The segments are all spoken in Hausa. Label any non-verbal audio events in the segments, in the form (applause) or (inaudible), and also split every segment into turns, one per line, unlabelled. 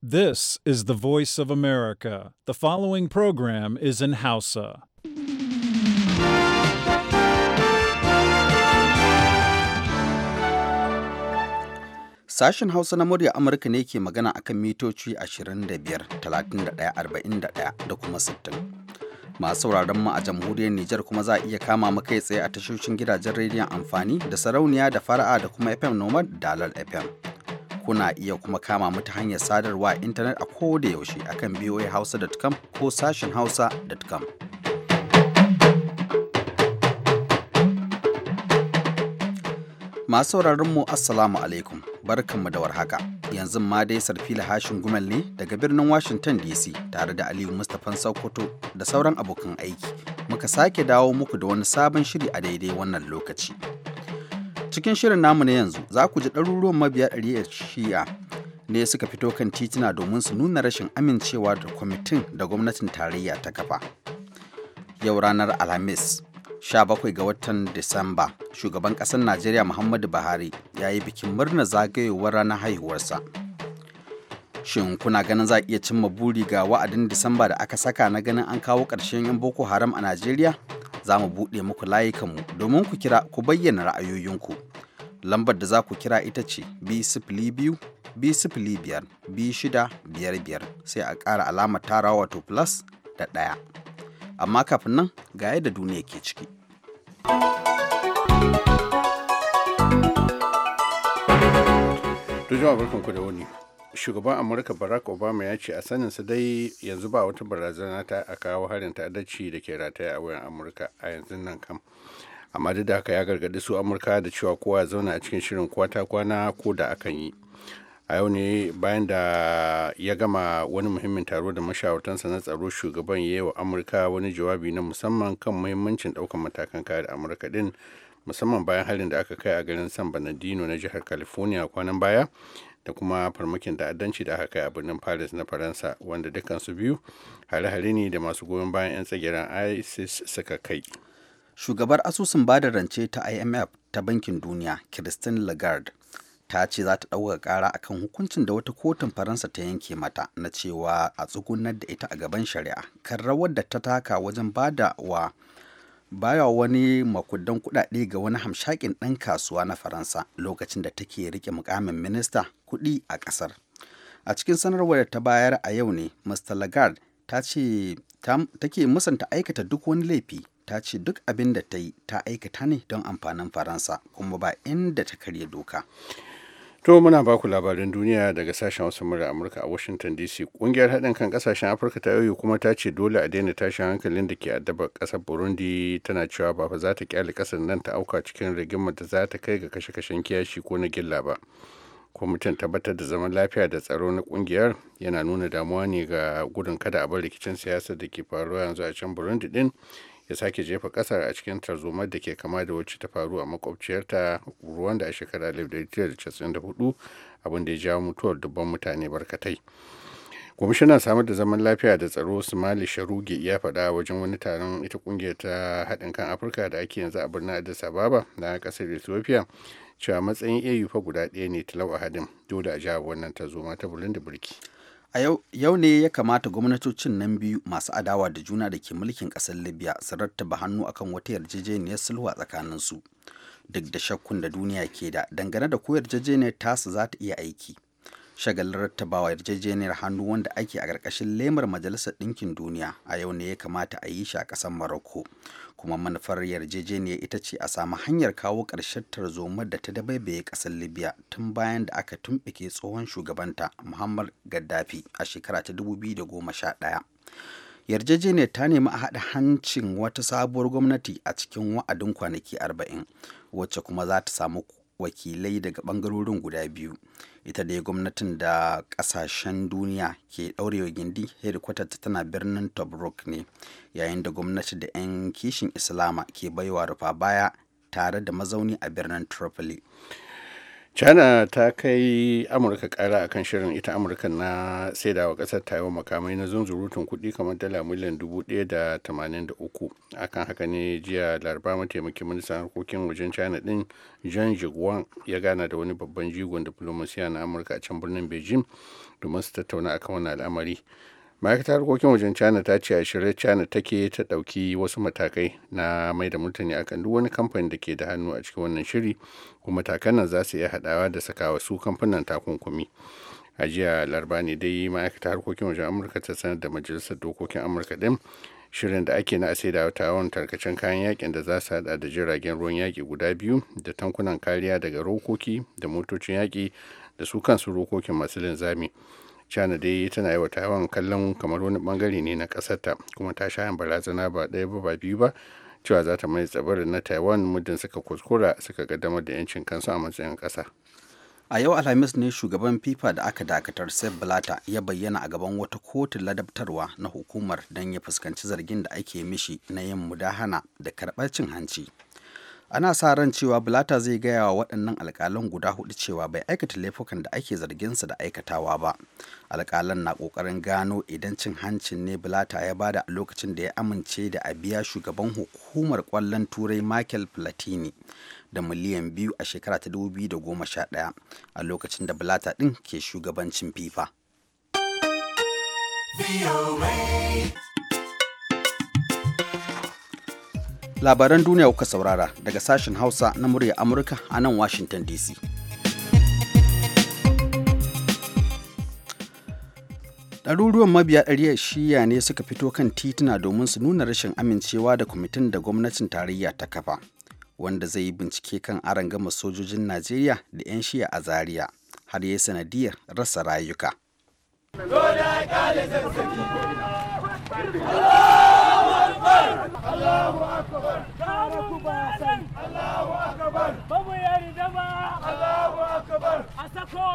This is the voice of America. The following program is in Hausa.
Sashen Hausa na murya Amurka ne ke magana akan mitoci 25, 31, 41 da kuma 60. Masu sauraron mu a jamhuriyar Nijar kuma za a iya kama makai tsaye a tashoshin gidajen rediyon amfani da sarauniya da fara'a da kuma FM Nomad Dalal FM. kuna iya kuma kama mu ta hanyar sadarwa intanet a da yaushe akan hausa.com ko sashen hausa.com. Masu mu Assalamu alaikum, barkanmu da warhaka. Yanzu ma dai sarfila hashin gumel ne daga birnin Washington DC tare da Aliyu Mustapha Sokoto da sauran abokan aiki. Muka sake dawo muku da wani sabon shiri a daidai wannan lokaci. Cikin shirin namu na yanzu za ku ji ɗaruruwan mabiya ɗari'ar shi'a ne suka fito kan titina domin su nuna rashin amincewa da kwamitin da gwamnatin tarayya ta kafa. Yau ranar Alhamis 17 ga watan Disamba, shugaban ƙasar Najeriya Muhammadu Buhari ya yi bikin murnar zagayowar ranar haihuwarsa. Shin kuna ganin za iya cimma buri ga wa'adin Disamba da aka saka na ganin an kawo ƙarshen 'yan Boko Haram a Najeriya? za mu buɗe muku layukanmu domin ku kira ku bayyana ra'ayoyinku. Lambar da za ku kira ita ce b biyu B05 b biyar sai a ƙara alamar tara wato plus da ɗaya. Amma kafin nan ga yadda duniya ke ciki.
Tujuma barkanku da wani. shugaban amurka barack obama ya ce a sanin saninsa dai yanzu ba wata barazana ta a kawo harin ta'addaci da ke rataya a wayan amurka a yanzu nan kam amma duk da haka ya gargaɗi su amurka da cewa kowa zauna a cikin shirin kwata kwana ko da akan yi a yau ne bayan da ya gama wani muhimmin taro da mashawartansa na tsaro shugaban ya yi wa amurka wani jawabi na musamman kan muhimmancin ɗaukar matakan kare amurka din musamman bayan harin da aka kai a garin san bernardino na jihar california kwanan baya da kuma farmakin ta'addanci da aka kai a birnin paris na faransa wanda dukansu biyu hare-hare ne da masu goyon bayan 'yan tsagiran isis suka kai
shugabar asusun bada rance ta imf ta bankin duniya christine lagarde ta ce za ta ɗauka ƙara akan hukuncin da wata kotun faransa ta yanke mata na cewa a tsugunar da ita a gaban shari'a kan rawar da ta taka wajen bada wa baya wani makudan kudade ga wani hamshakin ɗan kasuwa na Faransa lokacin da take rike mukamin minista kuɗi a ƙasar. A cikin sanarwar da ta bayar a yau ne, Mr. Lagarde ta ce take musanta aikata duk wani laifi ta ce duk abin da ta yi ta aikata ne don amfanin faransa kuma ba
inda ta karya doka To muna baku labarin duniya daga sashen wasu murya Amurka a Washington DC. Kungiyar haɗin kan ƙasashen Afirka ta yoyi kuma ta ce dole a daina tashin hankalin da ke addaba ƙasar Burundi tana cewa ba fa za ta kyale ƙasar nan ta auka cikin rigimar da za ta kai ga kashe-kashen kiyashi ko na gilla ba. Kwamitin tabbatar da zaman lafiya da tsaro na kungiyar yana nuna damuwa ne ga gudun kada a bar rikicin siyasa da ke faruwa yanzu a can Burundi din ya sake jefa kasar a cikin tarzomar da ke kama da wacce ta faru a makwabciyarta ruwan da a shekarar 1994 abin da ya jawo mutuwar dubban mutane barkatai kwamishinan samar da zaman lafiya da tsaro sumali sharuge ya faɗa wajen wani taron ita kungiyar ta haɗin kan afirka da ake yanzu a birnin addis ababa na ƙasar ethiopia cewa matsayin au fa guda ɗaya ne talau a hadin dole a jawo wannan tarzoma ta bulun da birki
a yau ne ya kamata gwamnatocin nan biyu masu adawa da juna da ke mulkin ƙasar libya su rattaba hannu akan wata yarjejeniyar sulhu a tsakaninsu duk da shakkun da duniya ke da dangane da ko yarjejeniyar tasu za ta iya aiki shagalin rattabawa yarjejeniyar hannu wanda ake a ƙarƙashin lemar majalisar ɗinkin duniya a yau ne ya kamata a yi shi a ƙasar maroko kuma manufar yarjejeniyar ita ce a samu hanyar kawo ƙarshen tarzomar da ta dabaibaye ƙasar libya tun bayan da aka tumɓuke tsohon shugabanta muhammad gaddafi a shekara ta 2011 yarjejeniyar ta nemi a haɗa hancin wata sabuwar gwamnati a cikin wa'adin kwanaki 40 wacce kuma za ta samu wakilai daga bangarorin guda biyu ita dai gwamnatin da kasashen duniya ke daurewa gindi hedikwatar tana birnin tobruk ne yayin da gwamnati da 'yan kishin islama ke baiwa rufa baya tare da mazauni a birnin tripoli
china ta kai amurka kara akan shirin ita amurka na saidawa kasar taiwan makamai na zunzurutun kuɗi kamar dala miliyan 1,083 akan haka ne jiya laraba mataimakin ministan harkokin wajen china din john ya gana da wani babban jigon diplomasiya na amurka a can birnin beijing domin su tattauna akan wani al'amari ma'aikatar harkokin wajen china ta ce a shirye china take ta dauki wasu matakai na mai da mutane akan duk wani kamfani da ke da hannu a cikin wannan shiri kuma matakan nan za su iya haɗawa da sakawa su kamfanin takunkumi a jiya laraba ne dai ma'aikatar harkokin wajen amurka ta sanar da majalisar dokokin amurka din shirin da ake na a sai da wata tarkacen kayan yakin da za su hada da jiragen ruwan yaki guda biyu da tankunan kariya daga rokoki da motocin yaki da su kansu rokokin masu linzami china dai tana yi wa taiwan kallon kamar wani bangare ne na kasarta kuma ta sha barazana ba ɗaya ba ba biyu ba cewa za ta mai tsibirin na taiwan muddin suka kuskura suka kaddamar da yancin kansu a matsayin ƙasa
a yau alhamis ne shugaban fifa da aka dakatar sepp blatter ya bayyana a gaban wata kotun ladabtarwa na hukumar don ya fuskanci zargin da ake mishi na yin mudahana da karɓar cin hanci ana sa ran cewa bulata zai gaya wa waɗannan alƙalan guda hudu cewa bai aikata laifukan da ake zarginsa da aikatawa ba alƙalan na ƙoƙarin gano idan cin hancin ne bulata ya bada a lokacin da ya amince da a biya shugaban hukumar ƙwallon turai michael platini da miliyan biyu a shekara ta dubu da goma sha ɗaya a lokacin da bulata ɗin ke shugabancin fifa labaran duniya kuka saurara daga sashen hausa na murya amurka a nan washington dc ɗaruruwan mabiya ɗariya shiya ne suka fito kan tituna domin su nuna rashin amincewa da kwamitin da gwamnatin tarayya ta kafa wanda zai yi bincike kan gama sojojin najeriya da 'yan shiya a zaria har ya sanadiyar rasa rayuka.
أكبر الله أكبر كانوا كباسا الله أكبر بابو الله أكبر أسكو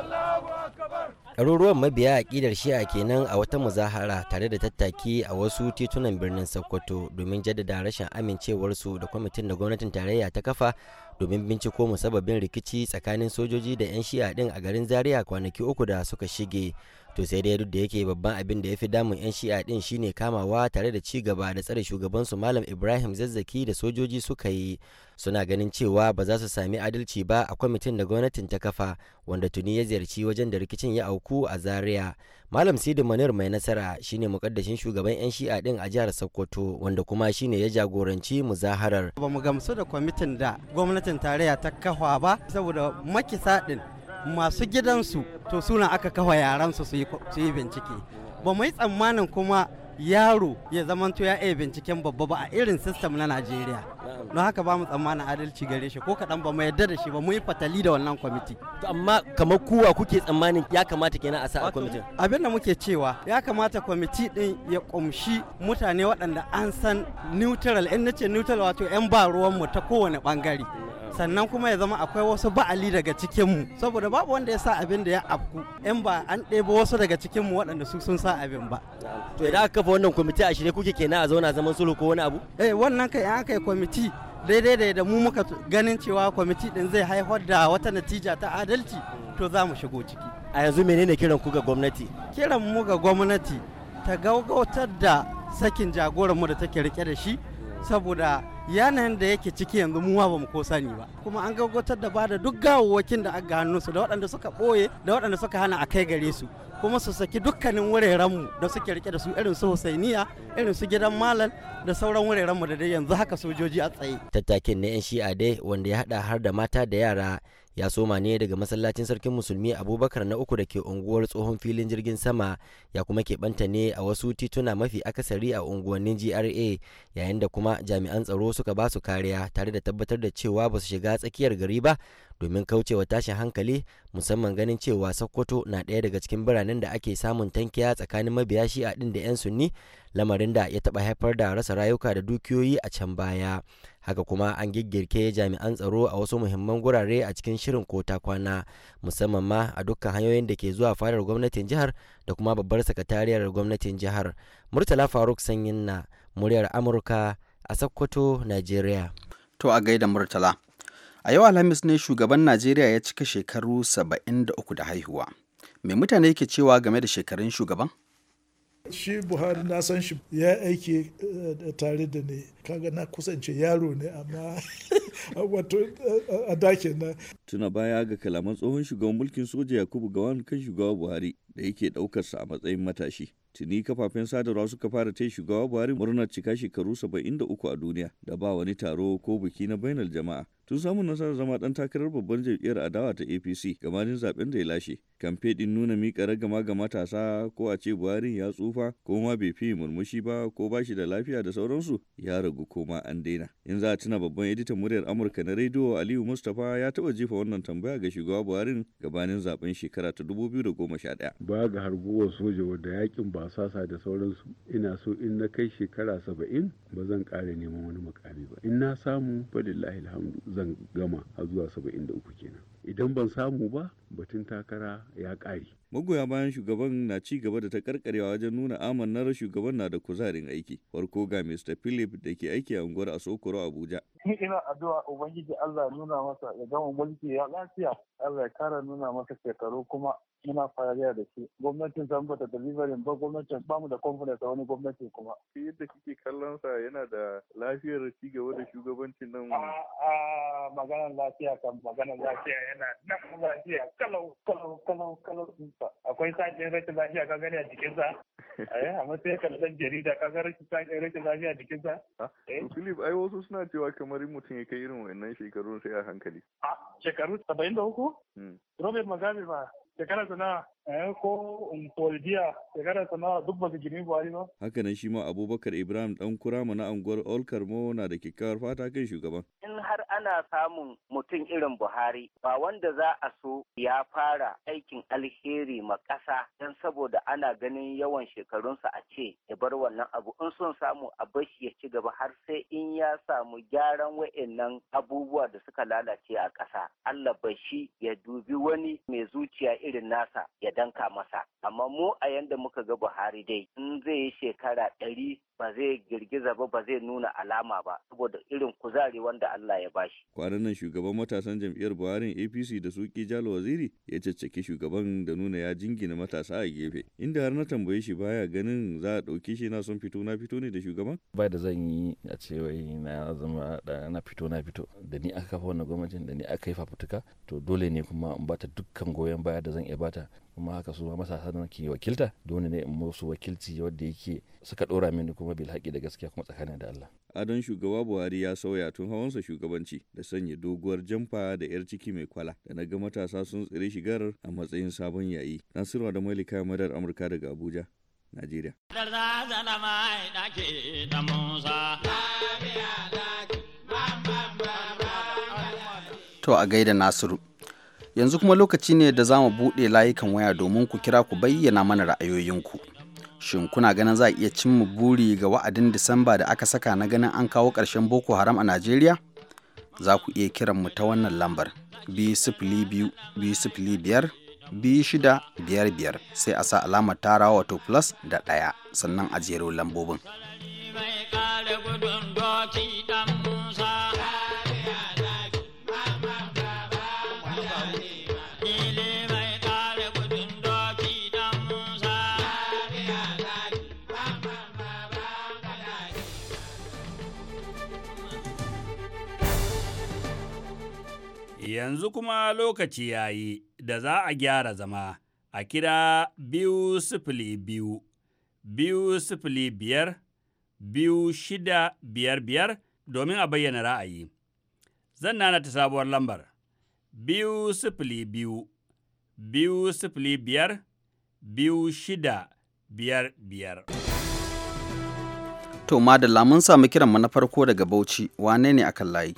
الله أكبر
ɗaruruwan mabiya aƙidar shi'a kenan a wata muzahara tare da tattaki a wasu titunan birnin sokoto domin jaddada rashin amincewarsu da kwamitin da gwamnatin tarayya ta kafa domin binciko musababin rikici tsakanin sojoji da 'yan shi'a ɗin a garin zaria kwanaki uku da suka shige to sai dai duk da yake babban abin da ya fi damun 'yan shi'a din shine kamawa tare da ci gaba da tsare shugabansu malam ibrahim zazzaki da sojoji suka yi suna ganin cewa ba za su sami adalci ba a kwamitin da gwamnatin ta kafa wanda tuni ya ziyarci wajen da rikicin ya auku a zaria malam sidi manir mai nasara shine mukaddashin shugaban 'yan shi'a din a jihar sokoto wanda kuma shine ya jagoranci muzaharar ba mu gamsu da kwamitin da gwamnatin tarayya
ta kafa ba saboda makisa din masu gidansu to suna aka kawa yaransu su yi bincike ba mai tsammanin kuma yaro ya zamanto ya iya binciken babba ba a irin sistem na najeriya don haka ba mu tsammanin adalci gare shi ko kaɗan ba mu yarda da shi ba mu yi fatali da wannan kwamiti amma kamar kuwa kuke tsammanin ya kamata kenan a sa a kwamitin abin da muke cewa ya kamata kwamiti din ya kumshi mutane waɗanda an san neutral in nace neutral wato yan ba ruwan mu ta kowane bangare sannan kuma ya zama akwai wasu ba'ali daga cikinmu saboda babu wanda ya sa abin da ya afku in ba an ɗebo wasu daga cikinmu waɗanda su sun sa abin ba to idan aka kafa wannan kwamiti a shirye kuke kenan a zauna zaman sulhu ko wani abu eh wannan kai an kai kwamiti kwamiti daidai da mu muka ganin cewa kwamiti din zai haifar da wata natija ta adalci to za mu shigo ciki
a yanzu menene kiran ku
ga gwamnati kiran mu ga gwamnati ta gaugautar da sakin mu da take rike da shi saboda yanayin da yake ciki yanzu muwa ba mu ko sani ba kuma an gaggautar da bada duk gawawwakin da aka hannunsu da waɗanda suka ɓoye da waɗanda suka hana a kai gare su kuma su saki dukkanin wurarenmu da suke rike da su irin su Husainiya irin su gidan Malal da sauran wurarenmu da dai yanzu haka sojoji a tsaye
tattakin na yan shi'a dai wanda ya hada har da mata da yara ya soma ne daga masallacin sarkin musulmi abubakar na uku da ke unguwar tsohon filin jirgin sama ya kuma keɓanta ne a wasu tituna mafi akasari a unguwannin gra yayin da kuma jami'an tsaro suka ba su kariya tare da tabbatar da cewa ba su shiga tsakiyar gari ba domin kaucewa tashin hankali musamman ganin cewa sokoto na ɗaya daga cikin biranen da ake samun tankiya tsakanin mabiya shi a ɗin da 'yan sunni lamarin da ya taɓa haifar da rasa rayuka da dukiyoyi a can baya haka kuma an giggirke jami'an tsaro a wasu muhimman gurare a cikin shirin kota kwana musamman ma a dukkan hanyoyin da ke zuwa fadar gwamnatin jihar da kuma babbar sakatariyar gwamnatin jihar murtala faruk sanyin na muryar amurka a sokoto nigeria
to a gaida murtala A yau Alhamis ne shugaban Najeriya ya cika shekaru 73 da haihuwa. Me mutane yake cewa game da shekarun shugaban?
Shi Buhari na san shi ya aiki eh, tare da ne, kaga na kusance yaro ne amma wato (laughs) eh, a dake na.
Tuna baya ga kalaman tsohon shugaban mulkin soja Yakubu Gawan kan shugaba Buhari da yake ɗaukarsa a matsayin matashi. tuni kafafen sadarwa suka fara ta shugaba buhari murnar cika shekaru 73 a duniya da ba wani taro ko biki na bainar jama'a tun samun nasarar zama ɗan takarar babbar jam'iyyar adawa ta apc gabanin zaben da ya lashe kamfe din nuna mika ragama ga matasa ko a ce buhari ya tsufa ko ma bai fi murmushi ba ko ba shi da lafiya da sauransu ya ragu ko ma an daina in za a tuna babban editan muryar amurka na rediyo aliyu mustapha ya taba jefa wannan tambaya ga shugaba buhari gabanin zaben shekara ta 2011
ba ga harguwar soja wadda yakin ba sasa da sauransu ina so in na kai shekara saba'in ba zan kare neman wani mukami ba in na samu falillahi alhamdu zan gama a zuwa saba'in da uku kenan idan ban samu ba batun takara
ya ƙare magoya bayan shugaban na ci gaba da takarkarewa wajen nuna amannar shugaban na da kuzarin aiki farko ga mr philip da ke aiki a unguwar a sokoro abuja
ina addu'a ubangiji allah nuna masa ya gama mulki ya lafiya allah ya kara nuna masa shekaru kuma muna fariya da shi gwamnatin zamba da delivering ba gwamnatin ba mu da confidence a wani gwamnati kuma
yadda kike kallon sa yana da lafiyar ci gaba da shugabancin nan a maganar lafiya
kan maganar lafiya yana nan lafiya kalau kalau kalau kalau akwai sa'in rashin lafiya ka gani a jikinsa eh amma sai ka dan jarida ka ga rashin sa'in rashin lafiya a jikinsa
ah, eh Philip ai wasu suna cewa kamar mutum ya kai irin wannan shekarun sai a hankali
a ah, shekaru 73 hmm. Robert Mugabe ba shekara sana'a Eh, ko Poldiya shekarar sanawa duk ba su Buhari ba.
Haka nan shi ma Abubakar Ibrahim ɗan kurama na unguwar Olkar Mo na da kyakkyawar fata kan shugaban.
In har ana samun mutum irin Buhari ba wanda za a so ya fara aikin alheri ma ƙasa don saboda ana ganin yawan shekarunsa a ce ya bar wannan abu in sun samu a bashi ya ci gaba har sai in ya samu gyaran wa'annan abubuwa da suka lalace a ƙasa. Allah bashi ya dubi wani mai zuciya irin nasa ya danka masa amma mu a yanda muka ga buhari dai in zai yi shekara ɗari ba zai girgiza ba ba zai nuna alama ba saboda irin kuzari wanda Allah ya bashi.
Kwanan nan shugaban matasan jam'iyyar Buhari APC da suki Jalo Waziri ya caccaki shugaban da nuna ya jingina matasa a gefe. Inda har na tambaye shi baya ganin za a ɗauki shi na sun fito na fito ne da shugaban? Ba da zan yi a ce na zama da na fito na fito da ni aka kafa wannan gwamnatin da ni aka yi fafutuka to dole ne kuma in bata dukkan goyon baya da zan iya bata kuma haka su matasa da ke wakilta dole ne in musu wakilci wadda yake suka dora mini kuma bil haƙi da gaskiya kuma tsakanin da Allah. Adon shugaba Buhari ya sauya tun hawansa shugabanci da sanya doguwar jamfa da yar ciki mai kwala da na ga matasa sun tsire shigar a matsayin sabon yayi. Nasiru da Malika Madar Amurka daga Abuja, Najeriya. To
a gaida Nasiru. Yanzu kuma lokaci ne da za mu buɗe layukan waya domin ku kira ku bayyana mana ra'ayoyinku. Shin kuna ganin za a iya cin mu buri ga wa'adin Disamba da aka saka na ganin an kawo ƙarshen Boko Haram a Najeriya? Za ku iya kiran mu ta wannan lambar biyar sai a sa alamar tara wato plus da ɗaya sannan a jero lambobin.
yanzu kuma lokaci ya yi da za a gyara zama a kira biyu sifili biyu, biyu sifili biyar, biyu shida biyar biyar domin a bayyana ra'ayi. Zan nana ta sabuwar lambar, biyu sifili biyu, biyu sifili biyar, biyu shida biyar biyar.
To, madalla mun samu mu na farko daga Bauchi, wane ne akan layi?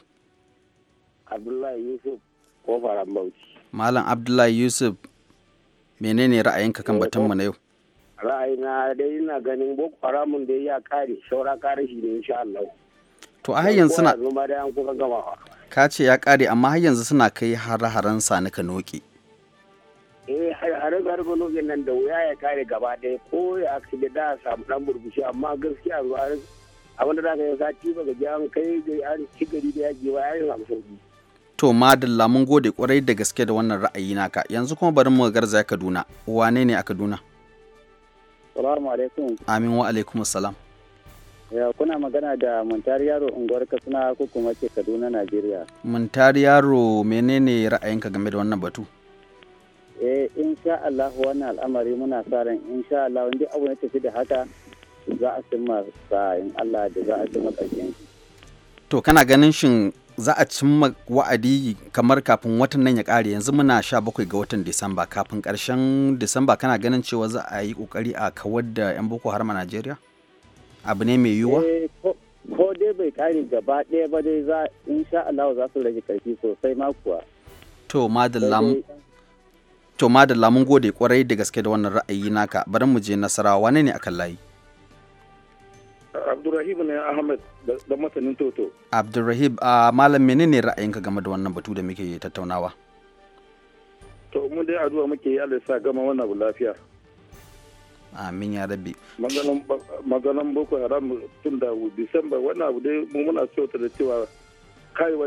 Abdullahi Yusuf
kofaran bauchi
malam abdullahi yusuf menene ra'ayinka kan eh, batunmu na yau
ra'ayina dai ina ganin boko haramun da ya kare saura kare shi ne insha Allah
to a yanzu suna ka ce ya kare amma har yanzu suna kai har-haren sani ka noki
eh har-haren garba noki nan da wuya ya kare gaba ɗaya ko ya aksi da samu dan burbushi amma gaskiya zuwa abin da za ka yi sati ba ga jihar kai an ci gari da yaji ba ya yi samu sauki
To madalla mun gode kwarai da gaske da wannan ra'ayi naka yanzu kuma bari mu garzaya Kaduna wane ne a Kaduna?
Salamu alaikum.
Amin wa alaikum salam.
kuna magana da Muntari Yaro unguwar Katsina ko kuma ke Kaduna Najeriya.
Muntari Yaro menene ra'ayinka game da wannan batu?
Eh insha Allah wannan al'amari muna sa ran insha Allah wanda abu ne tafi da haka za a cimma sa in Allah da za a cimma ƙarshen.
To kana ganin shin za a cimma wa'adi kamar kafin watan nan ya kare yanzu muna 17 ga watan disamba kafin karshen disamba kana ganin cewa za a yi kokari a kawar da 'yan boko haram a najeriya abu ne mai yiwuwa
eh, ko dai bai kare gaba ɗaya ba dai za sha Allah za su rage karfi sosai ma kuwa
to madallam to madallam mun gode kwarai da gaske da wannan ra'ayi naka bari mu je nasarawa wane ne akan layi
Abdurrahim ne Ahmed da masanin Toto.
Abdurrahim a malam menene ra'ayinka game da wannan batu da muke tattaunawa?
To mun dai addu'a muke yi Allah sa gama wannan abu lafiya.
Amin ya rabbi.
Maganan Boko Haram tun da Disamba wannan abu dai mun muna so ta da cewa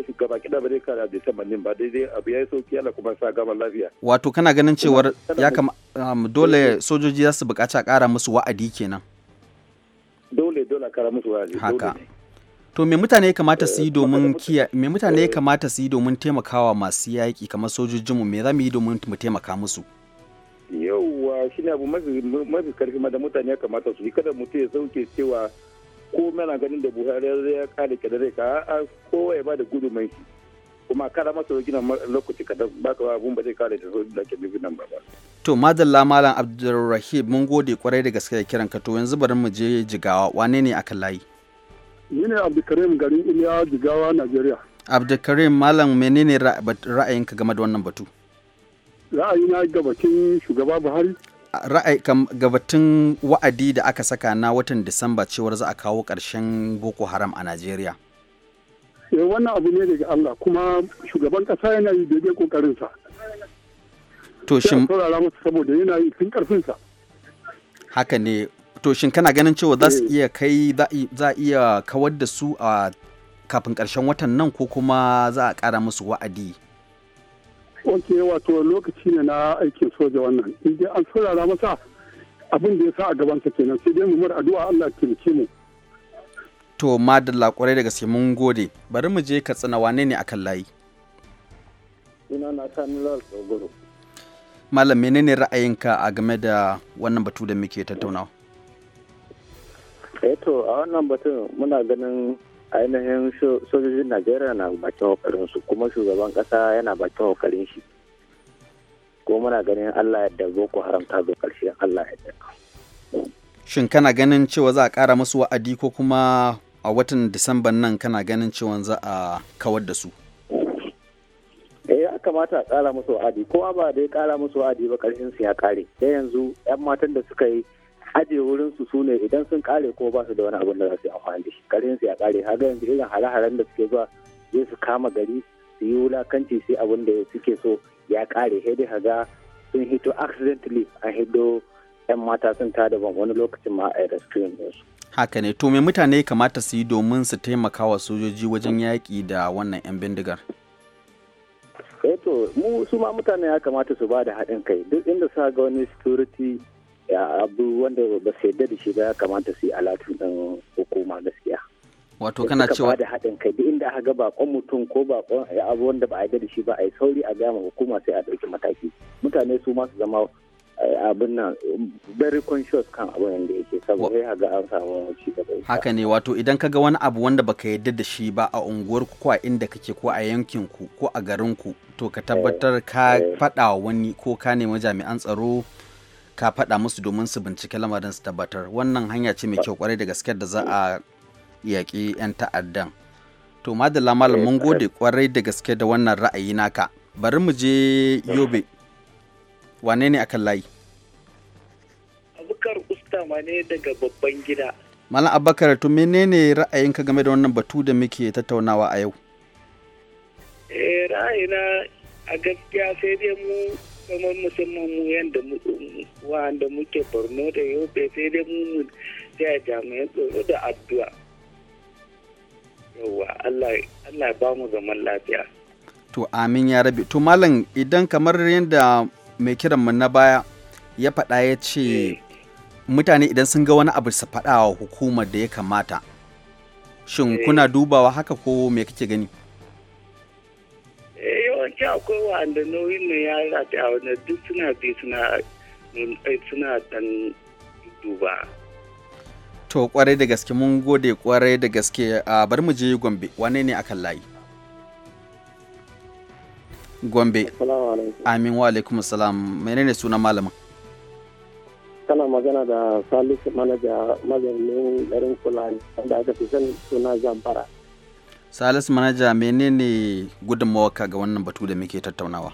shi gaba kida ba zai kare a Disamba din ba dai abu ya yi sauki Allah kuma sa gama lafiya.
Wato kana ganin cewar ya kama um, dole sojoji za su buƙaci a ƙara musu wa'adi kenan.
ce dole kara musu wazi haka
to me mutane ya kamata su yi eh, domin kiya me mutane ya eh. kamata su yi domin taimakawa masu yaƙi kamar mu me za mu yi domin mu taimaka musu
yauwa shi ne abu mafi karfi ma da mutane ya kamata su yi kada mutum ya sauke cewa ko mana ganin da buhari ya kare kada zai ka a kowa ya ba da gudunmai kuma kada masa gina lokaci kada ba ka abun ba zai kare da da ke bibin nan ba
to madalla malam abdulrahim mun gode kwarai da gaske da kiran ka to yanzu bari mu je jigawa wane ne akan layi
ni ne abdulkarim garin iliya jigawa najeriya
abdulkarim malam menene ra'ayinka game da wannan batu
ra'ayina gabatin shugaba buhari
ra'ayi gabatin wa'adi da aka saka na watan disamba cewar za a kawo ƙarshen boko haram a najeriya
Eh, wannan abu ne daga Allah kuma shugaban kasa yana yi daidai sa to shin saurara masa saboda yana yi tun sa
haka ne to shin kana ganin cewa za su eh. iya kai za iya kawar da su a kafin karshen watan nan ko kuma za a kara musu wa'adi
Oke wato lokaci ne na aikin soja wannan idan an saurara masa abin da ya sa a gabansa kenan sai dai mu mar addu'a Allah ya taimake mu
to madalla kwarai da gaske mun gode bari mu je katsina wane ne akan layi
Ina na kanilal tsogoro
malam menene ra'ayinka a game da wannan batu da muke tattaunawa
eh to a wannan batun muna ganin ainihin sojojin najeriya na bakin kokarin su kuma shugaban kasa yana bakin kokarin shi ko muna ganin allah yadda boko haram ta zo karshe allah yadda
shin kana ganin cewa za a kara musu wa'adi ko kuma a watan disamban nan kana ganin cewa za a kawar da su
eh, ya kamata a kara musu wa'adi kowa ba da ya kara musu wa'adi ba karshen su ya kare da yanzu yan matan da suka yi aje wurin su sune idan sun kare ko ba su da wani abin da za su yi amfani da shi karshen su ya kare har yanzu irin hare-haren da suke zuwa zai su kama gari su yi wulakanci sai abin da suke so ya kare sai dai haga sun hito accidentally a hiddo yan mata sun tada ban wani lokacin ma a ice cream
haka ne to me mutane kamata su yi domin su taimaka wa sojoji wajen yaƙi da wannan 'yan bindigar
eh mu su ma mutane ya kamata su ba da haɗin kai duk inda sa ga wani security abu wanda ba su yarda da shi ba ya kamata su yi alatun ɗan hukuma gaskiya
wato kana cewa da
haɗin kai duk inda aka ga bakon mutum ko bakon abu wanda ba a yadda da shi ba a yi sauri a gama hukuma sai a ɗauki mataki mutane su ma su zama abin nan very conscious kan abin da yake saboda ya ga an samu ci gaba haka
ne wato idan ka ga wani abu wanda baka yarda da shi ba a unguwar ku ko a inda kake ko a yankin ku ko a garin ku to ka tabbatar eh, ka eh. faɗa wani ko ka nemi jami'an tsaro ka faɗa musu domin su bincike lamarin su tabbatar wannan hanya ce mai kyau kwarai da gaske da za a yaƙi 'yan ta'addan to madalla malam eh, mun gode kwarai da gaske da wannan ra'ayi naka bari mu je yobe wane ne akan layi
abubakar ustama ne daga babban gida
malam abubakar to menene ra'ayinka game da wannan batu da muke tattaunawa a yau
eh ra'ayina a gaskiya sai dai mu kamar musamman mu yadda wanda muke borno da yobe sai dai mu mu da jami'an tsoro da addu'a yawwa allah ba mu zaman lafiya
to amin ya rabe to malam idan kamar yadda mai kiran kiranmu na baya ya faɗa ya ce eh. mutane idan sun ga wani abu su faɗa wa hukumar da ya kamata shin eh. kuna dubawa haka ko me kake gani
eh, yawanci akwai wa'anda nauyin na ya rata a wani duk suna bi duba
to kwarai da gaske mun gode kwarai da gaske ah, bar mu je gombe wane ne akan layi Gombe. Amin wa alaikum salam. Menene suna malamin?
Kana magana da Salisu manaja mazaunin garin Fulani wanda aka fi san suna Zamfara.
Salisu manaja menene gudunmawarka ga wannan batu da muke tattaunawa?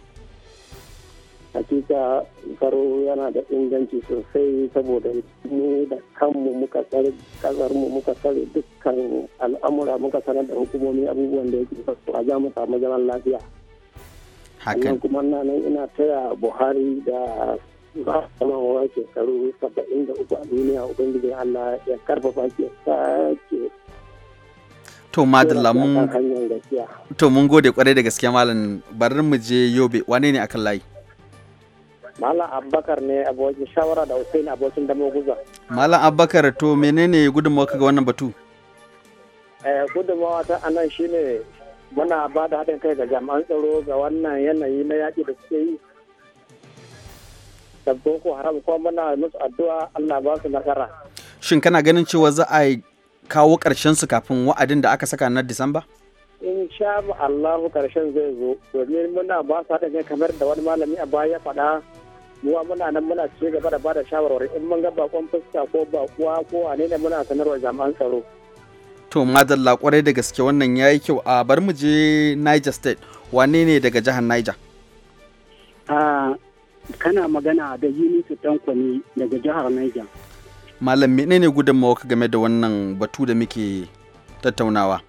Hakika karo yana da inganci sosai saboda mu da kanmu muka tsare kasarmu muka tsare dukkan al'amura muka sanar da hukumomi abubuwan da yake a za mu samu zaman lafiya. hakan kuma na nan ina taya buhari da ba a samawa shekaru saba'in a duniya ubangiji allah ya karfafa ke sake
to madalla mun to mun gode kwarai da gaske malam barin mu je yobe wane ne akan layi
Malam Abubakar ne abokin shawara da Hussein abokin damo guza.
Malam Abubakar to menene gudunmawa ga wannan batu?
Eh gudunmawa ta anan shine muna ba da haɗin kai ga jami'an tsaro ga wannan yanayi na yaƙi da suke yi da boko haram kuma muna musu addu'a allah ba su nasara
shin kana ganin cewa za a kawo ƙarshen su kafin wa'adin da aka saka na disamba
in sha allahu ƙarshen zai zo domin muna ba su haɗin kai kamar da wani malami a baya faɗa muwa muna nan muna ci gaba da bada shawarwari in mun ga bakon fuska ko bakuwa ko wane ne muna sanarwa jami'an tsaro
to madalla kwarai da gaske wannan ya yi kyau a bar mu je niger state wane ne daga jihar niger
kana magana da yunisu dankwani daga jihar niger
malam menene gudunmawa ka game da wannan batu da muke tattaunawa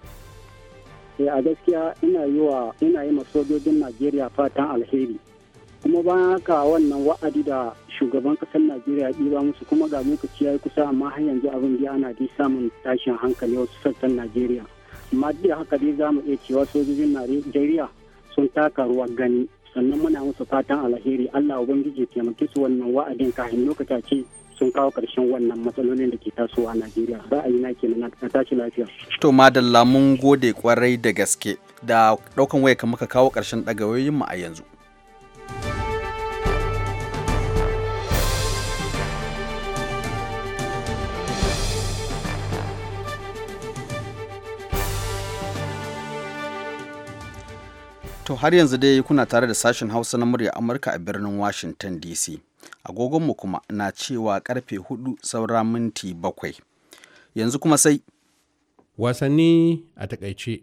eh, a gaskiya ina yi wa ina yi ma sojojin najeriya fatan alheri kuma bayan haka wannan wa'adi da shugaban kasar najeriya ɗiba musu kuma ga lokaci ya kusa amma har yanzu abin da ana dai samun tashin hankali wasu sassan najeriya amma duk haka dai za mu iya cewa sojojin najeriya sun taka ruwa gani sannan muna musu fatan alheri allah ubangiji taimake su wannan wa'adin kafin lokaci ce sun kawo karshen wannan matsalolin da ke tasowa a najeriya ra'ayi na ke kenan na tashi lafiya.
to madalla mun gode kwarai da gaske da ɗaukan waya kan muka kawo ƙarshen ɗagawoyin mu a yanzu. To har yanzu dai kuna tare da sashen Hausa na murya Amurka a birnin Washington DC. Agogonmu kuma na cewa karfe hudu saura minti bakwai. Yanzu kuma sai.
Wasanni a takaice.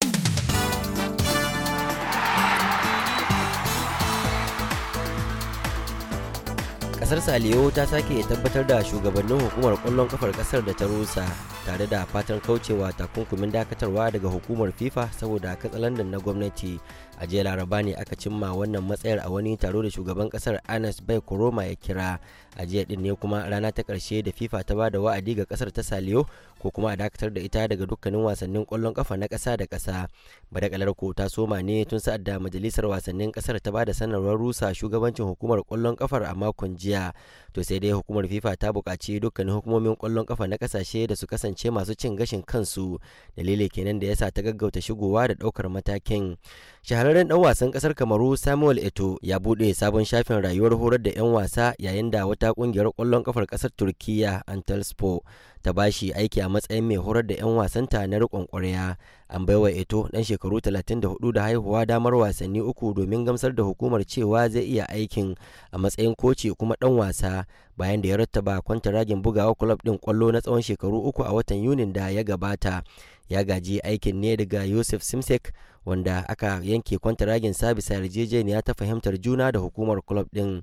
kasar saliyo ta sake tabbatar da shugabannin hukumar kwallon kafar kasar da ta rusa tare da fatan kaucewa takunkumin dakatarwa daga hukumar fifa saboda katsalandan na gwamnati a jiya laraba ne aka cimma wannan matsayar a wani taro da shugaban kasar anas bai koroma ya kira a jiya din ne kuma rana ta karshe da fifa ta bada wa'adi ga kasar ta saliyo ko kuma a dakatar da ita daga dukkanin wasannin kwallon kafa na kasa da kasa badakalar ko ta soma ne tun sa'ad da majalisar wasannin kasar ta bada sanarwar rusa shugabancin hukumar kwallon kafar a makon jiya to sai dai hukumar fifa ta buƙaci dukkanin hukumomin kwallon kafa na kasashe da su kasance masu cin gashin kansu dalili kenan da yasa ta gaggauta shigowa da ɗaukar matakin shahar shahararren dan wasan kasar kamaru samuel eto ya bude sabon shafin rayuwar horar da 'yan wasa yayin da wata kungiyar kwallon kafar kasar turkiyya antalspo ta ba shi aiki a matsayin mai horar da 'yan wasanta na riƙon ƙwarya an baiwa eto dan shekaru 34 da haihuwa damar wasanni uku domin gamsar da hukumar cewa zai iya aikin a matsayin koci kuma dan wasa bayan da ya rattaba kwanta ragin bugawa kulob din kwallo na tsawon shekaru uku a watan yunin da ya gabata ya gaji aikin ne daga yusuf simsek wanda aka yanke kwanta-ragin sabisa yarjejeniya ta fahimtar juna da hukumar kulob din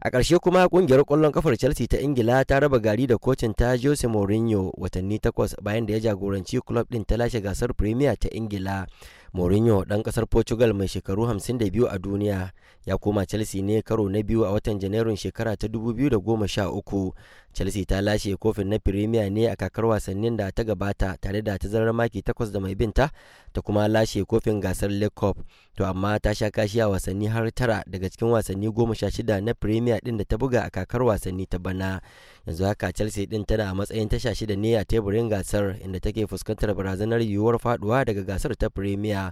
a ƙarshe kuma ƙungiyar ƙwallon kafar chelsea ta ingila ta raba gari da kocin ta jose mourinho watanni takwas bayan da ya jagoranci kulob din ta lashe gasar premier ta ingila Mourinho ɗan ƙasar Portugal mai shekaru 52 a duniya ya koma Chelsea ne karo na biyu a watan Janairun shekara ta 2013. Chelsea ta lashe kofin na Premier ne a kakar wasannin da ta gabata tare da ta zarar maki takwas da mai binta ta kuma lashe kofin gasar League Cup. To amma ta sha kashi a wasanni har tara daga cikin wasanni goma sha shida na Premier ɗin da ta buga a kakar wasanni ta bana. Yanzu haka Chelsea ɗin tana a matsayin tasha shida ne a teburin gasar inda take fuskantar barazanar yiwuwar faduwa daga gasar ta Premier.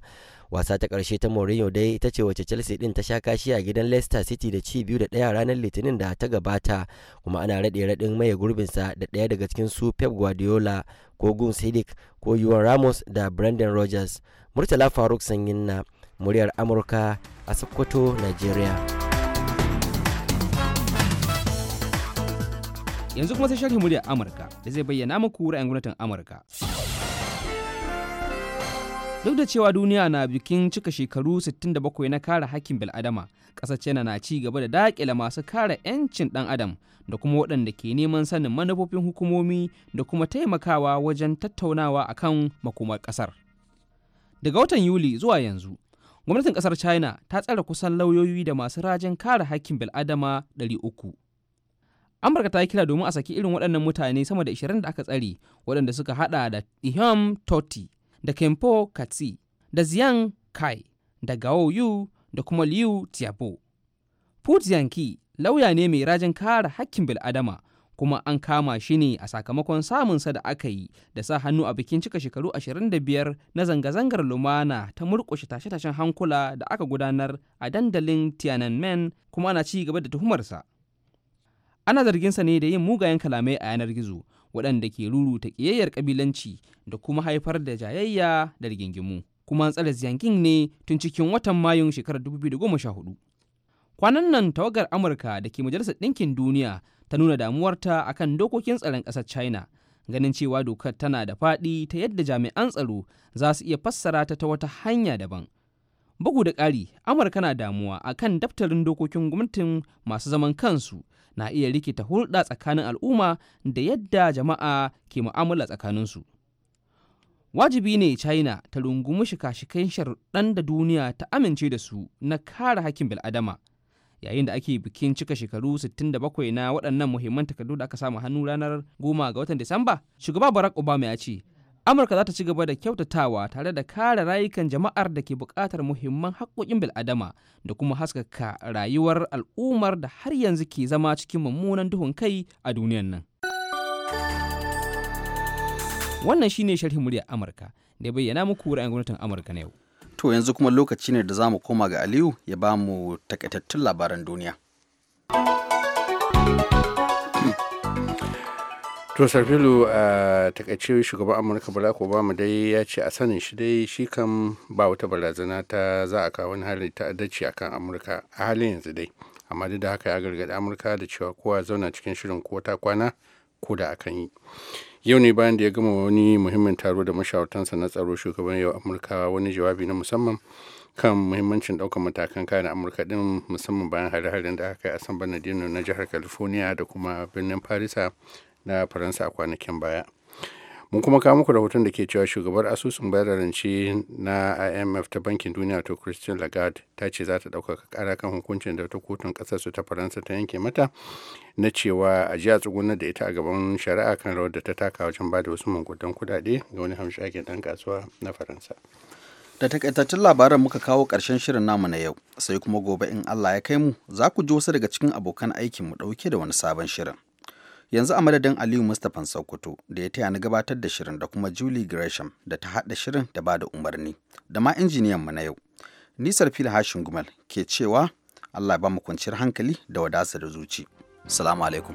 wasa ta karshe ta Mourinho dai ita ce wacce Chelsea din ta sha kashi a gidan Leicester City da ci biyu da ɗaya ranar Litinin da ta gabata kuma ana raɗe raɗin gurbin sa da ɗaya daga cikin su Pep Guardiola ko Gun Sidik ko Juan Ramos da Brandon Rogers Murtala Faruk Sanyin na muryar Amurka a Sokoto Nigeria
Yanzu kuma sai sharhin muryar Amurka da zai bayyana muku ra'ayin gwamnatin Amurka. duk da cewa duniya na bikin cika shekaru 67 na kare hakkin bil'adama ƙasar china na ci gaba da daƙila masu kare 'yancin ɗan adam da kuma waɗanda ke neman sanin manufofin hukumomi da kuma taimakawa wajen tattaunawa a kan makomar ƙasar daga watan yuli zuwa yanzu gwamnatin ƙasar china ta tsara kusan lauyoyi da masu rajin kare hakkin bil'adama 300 amurka ta yi kira domin a saki irin waɗannan mutane sama da 20 da aka tsare waɗanda suka hada da iham totti da Kempo Katsi da Ziyang Kai da Gao Yu da kuma Liu Tiabo. Pu Jianki lauya ne mai rajin kare hakkin bil'adama kuma an kama shi ne a sakamakon samunsa da aka yi da sa hannu a bikin cika shekaru 25 na zanga-zangar lumana ta murƙushe tashe-tashen hankula da aka gudanar a dandalin Tiananmen kuma ana ci gaba da tuhumarsa. Ana zarginsa ne da yin mugayen kalamai a yanar gizo waɗanda ke ruruta ƙiyayyar ƙabilanci da kuma haifar da jayayya da rigingimu kuma tsare yankin ne tun cikin watan mayun shekarar 2014 kwanan nan tawagar amurka da ke majalisar ɗinkin duniya ta nuna damuwarta akan dokokin tsaron ƙasar china ganin cewa dokar tana da faɗi ta yadda jami'an tsaro za su iya fassara ta ta wata hanya daban bugu da ƙari amurka na damuwa akan daftarin dokokin gwamnatin masu zaman kansu na iya rikita hulɗa tsakanin al'umma da yadda jama'a ke mu'amala tsakaninsu. Wajibi ne China ta rungumi shika-shikan sharuɗan da duniya ta amince da su na kare hakkin bil'adama yayin da ake bikin cika shekaru 67 na waɗannan muhimman takardu da aka samu hannu ranar 10 ga watan Disamba, shugaba Barack Obama ya ce amurka za ta ci gaba da kyautatawa tare da kare rayukan jama'ar da ke buƙatar muhimman haƙoƙin bil'adama da kuma haskaka rayuwar al'ummar da har yanzu ke zama cikin mummunan duhun kai a duniyan nan wannan shi ne sharhin muryar amurka da ya bayyana muku ra'ayin gwamnatin amurka na yau
to yanzu kuma lokaci ne da za mu koma ga aliyu ya ba mu
takaitattun labaran duniya to sarfilu a takaice shugaban amurka barack obama dai ya ce a sanin shi dai shi kan ba wata barazana ta za a kawo wani hali halin dace akan amurka a halin yanzu dai amma duk da haka ya gargaɗi amurka da cewa kowa zauna cikin shirin ko ta kwana ko da akan yi yau ne bayan da ya gama wani muhimmin taro da mashawartansa na tsaro shugaban yau amurka wani jawabi na musamman kan muhimmancin ɗaukar matakan kayan amurka din musamman bayan hare-haren da aka yi a san na jihar california da kuma birnin farisa na faransa a kwanakin baya mun kuma kawo muku rahoton da ke cewa shugabar asusun bayar rance na imf ta bankin duniya to christian lagarde ta ce za ta ɗaukaka ƙara kan hukuncin da ta kotun ƙasar su ta faransa ta yanke mata na cewa a jiya tsugunar da ita a gaban shari'a kan rawar da ta taka wajen ba da wasu mangudan kuɗaɗe ga wani hamshakin ɗan kasuwa
na faransa da takaitaccen labaran muka kawo ƙarshen shirin namu na yau sai kuma gobe in allah ya kai mu za ku ji wasu daga cikin abokan aikinmu mu ɗauke da wani sabon shirin yanzu a madadin aliyu mustapha sokoto da ya taya ni gabatar da shirin da kuma julie gresham da ta haɗa shirin da ba da umarni da ma injiniyan mu na yau nisar fili hashin gumal ke cewa allah ba mu kwanciyar hankali da wadasa da zuci salamu alaikum